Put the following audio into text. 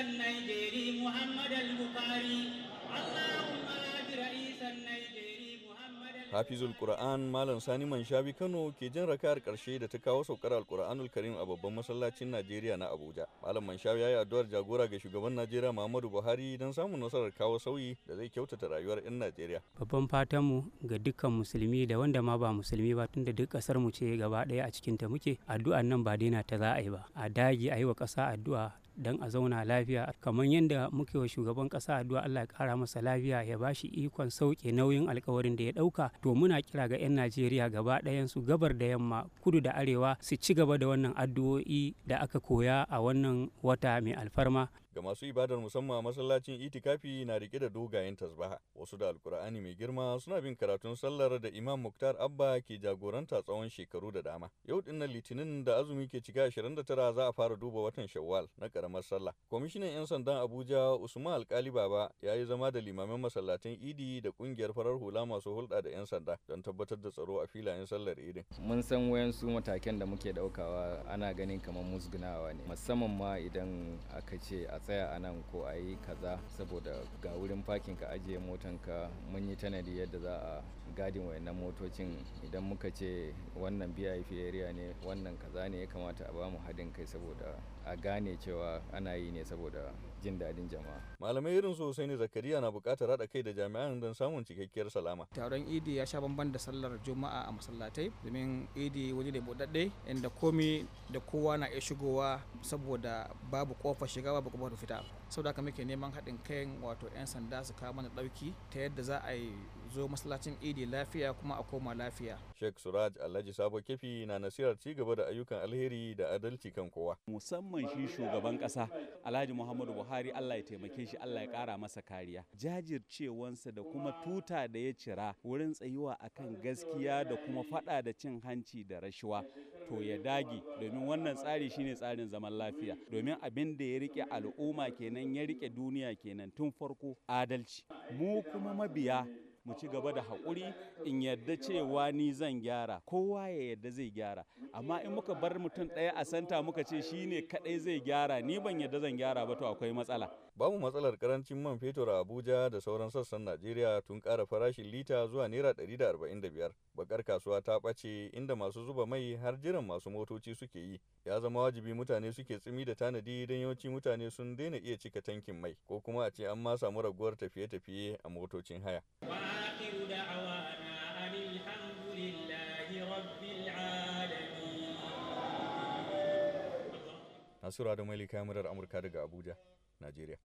النيجيري malam sani manshabi kano ke jin rakar ƙarshe da ta kawo saukar alqur'anul karim a babban masallacin najeriya na abuja malam manshabi yi addu'ar jagora ga shugaban najeriya muhammadu buhari don samun nasarar kawo sauyi da zai kyautata rayuwar yan najeriya babban fatan mu ga dukkan musulmi da wanda ma ba musulmi ba tunda duk kasar mu ce gaba ɗaya a cikin ta muke addu'an nan ba daina ta za a yi ba a dage a yi wa ƙasa addu'a don a zauna lafiya kamar yadda muke wa shugaban kasa addu'a Allah ya kara masa lafiya ya ba shi ikon sauke nauyin alkawarin da ya dauka to muna kira ga 'yan Najeriya gaba ɗayan su gabar da yamma kudu da arewa su ci gaba da wannan addu'o'i da aka koya a wannan wata mai alfarma ga masu ibadar musamman a masallacin itikafi na rike da dogayen tasbaha wasu da alkur'ani mai girma suna bin karatun sallar da imam muktar abba ke jagoranta tsawon shekaru da dama yau din nan litinin da azumi ke cika 29 za a fara duba watan shawwal na karamar sallah kwamishinan yan sandan abuja usman alkali baba ya yi zama da limamin masallatan idi da kungiyar farar hula masu hulɗa da yan sanda don tabbatar da tsaro a filayen sallar idin mun san wayansu mataken da muke daukawa ana ganin kamar musgunawa ne musamman ma idan aka ce a tsaya a nan ko a yi kaza saboda ga wurin fakin ka ajiye motan ka mun yi tanadi yadda za a gadin wayannan motocin idan muka ce wannan yi area ne wannan kaza ne ya kamata a bamu haɗin kai saboda a gane cewa ana yi ne saboda jin daɗin jama'a. Malamai irin su Hussaini Zakariya na buƙatar haɗa kai da jami'an don samun cikakkiyar salama. Taron Idi ya sha bamban da sallar Juma'a a masallatai domin Idi wani ne buɗaɗɗe inda komi da kowa na iya shigowa saboda babu ƙofar shiga babu ƙofar fita. Saboda haka muke neman haɗin kai wato 'yan sanda su kawo mana ɗauki ta yadda za a yi zo masallacin idi lafiya kuma a koma lafiya sheikh suraj alhaji sabo kefi na nasirar ci gaba da ayyukan alheri da adalci kan kowa musamman shi shugaban kasa alhaji muhammadu buhari allah ya taimake shi allah ya kara masa kariya jajircewansa da kuma tuta da ya cira wurin tsayuwa akan gaskiya da kuma fada da cin hanci da rashuwa to ya dage domin wannan tsari shine tsarin zaman lafiya domin abin da ya rike al'umma kenan ya rike duniya kenan tun farko adalci mu kuma mabiya mu ci gaba da haƙuri in yarda cewa ni zan gyara kowa ya yarda zai gyara amma in muka bar mutum ɗaya a santa muka ce shi ne kaɗai zai gyara ni ban yarda zan gyara ba to akwai matsala Babu matsalar karancin man fetur a Abuja da sauran sassan Najeriya tun ƙara farashin lita zuwa Naira 145. Bakar kasuwa ta ɓace inda masu zuba mai har jiran masu motoci suke yi. Ya zama wajibi mutane suke tsimi da tanadi don yawanci mutane sun daina iya cika tankin mai ko kuma a ce an ma samu raguwar tafiye-tafiye a motocin haya. Nasura da Malika Murar Amurka daga Abuja, Najeriya.